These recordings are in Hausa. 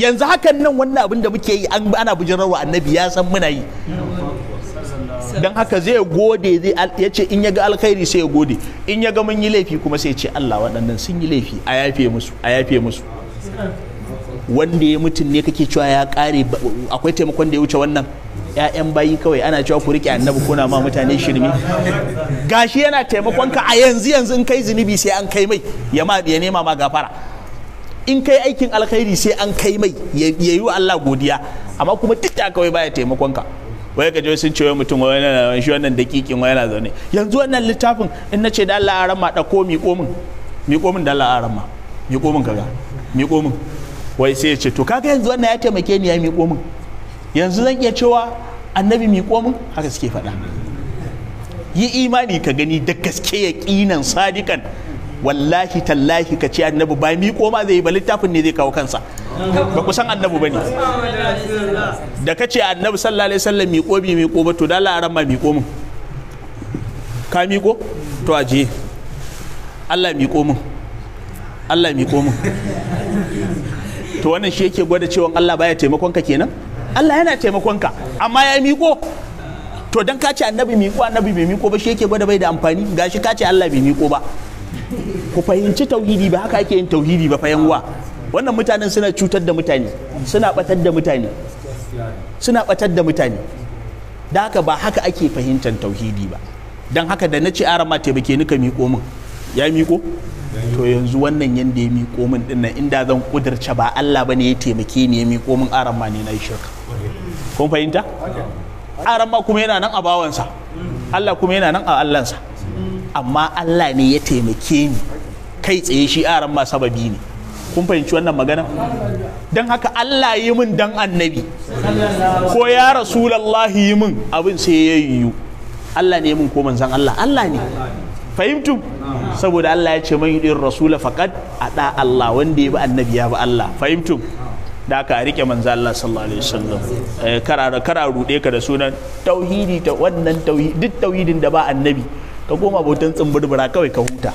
yanzu hakan nan wannan abin da muke yi an ana wa annabi ya san muna yi don haka zai gode zai ya ce in yaga alkhairi sai ya gode in yaga mun yi laifi kuma sai ce Allah waɗannan sun yi laifi a yafe musu a yafe musu wanda ya mutum ne kake cewa ya kare akwai taimakon da ya wuce wannan ‘ya'yan bayi kawai ana cewa ku rike annabi kuna ma mutane shirme gashi yana taimakon ka a yanzu yanzu in kai zunubi sai an kai mai ya nema ma gafara in kai aikin alkhairi sai an kai mai ya yi wa Allah godiya amma kuma duk da kawai baya taimakon ka wai ka je sun ce wai mutum wai na shi wannan dakikin wai yana zaune yanzu wannan littafin in nace da Allah arama da ko mi komin mi komin da Allah arama mi komin kaga mi komin wai sai ya ce to kaga yanzu wannan ya taimake ni ya mi komin yanzu zan iya cewa annabi mi komin haka suke faɗa yi imani ka gani da gaske yaqinan sadikan wallahi tallahi ka ce annabi ba mi koma zai yi ba littafin ne zai kawo kansa ba ku san annabi ba ne da ka ce annabi sallallahu alaihi wasallam miƙo bi miƙo ba to da la'aran ma miƙo min ka miƙo to aje Allah miƙo min Allah miƙo min to wannan shi yake gwada cewa Allah baya taimakon ka kenan Allah yana taimakon ka amma ya miƙo to dan ka ce annabi miƙo annabi bai miƙo ba shi yake gwada bai da amfani gashi ka ce Allah bai miƙo ba ku fahimci tauhidi ba haka ake yin tauhidi ba fayan wa wannan mutanen suna cutar da mutane suna batar da mutane suna batar da mutane da haka ba haka ake fahimtar tauhidi ba don haka da na ce arama taimake ni ka miƙo min ya miƙo to yanzu wannan yanda ya miƙo min din nan inda zan kudirce ba Allah bane ya taimake ni ya miƙo min arama ne na shirka kun fahimta arama kuma yana nan a bawansa Allah kuma yana nan a Allahnsa amma Allah ne ya taimake ni kai tsaye shi aran ma sababi ne kun fahimci wannan magana don haka Allah yi min dan annabi ko ya rasulallah yi min abin sai ya yiwu Allah ne min ko manzan Allah Allah ne fahimtu saboda Allah ya ce man yudin rasula faqad ada Allah wanda ya bi annabi ya bi Allah fahimtu da aka rike manzan Allah sallallahu alaihi wasallam eh, kara kara rude ka da sunan tauhidi ta wannan tauhidi duk tauhidin da ba annabi ka koma bautan tsumburbura kawai ka huta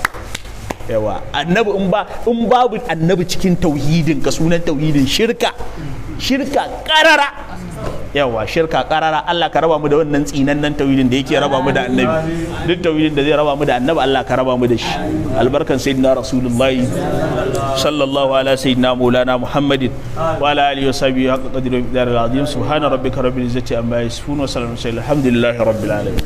yawa annabi in ba in babu annabi cikin tauhidin ka sunan tauhidin shirka shirka karara yawa shirka karara Allah ka raba mu da wannan tsinannen tauhidin da yake raba mu da annabi duk tauhidin da zai raba mu da annabi Allah ka raba mu da shi albarkan sayyidina rasulullahi sallallahu ala sayyidina maulana muhammadin wa ala alihi wa sahbihi haqqa qadri wa azim subhana rabbika rabbil izzati amma yasifun wa salamun alhamdulillahi rabbil alamin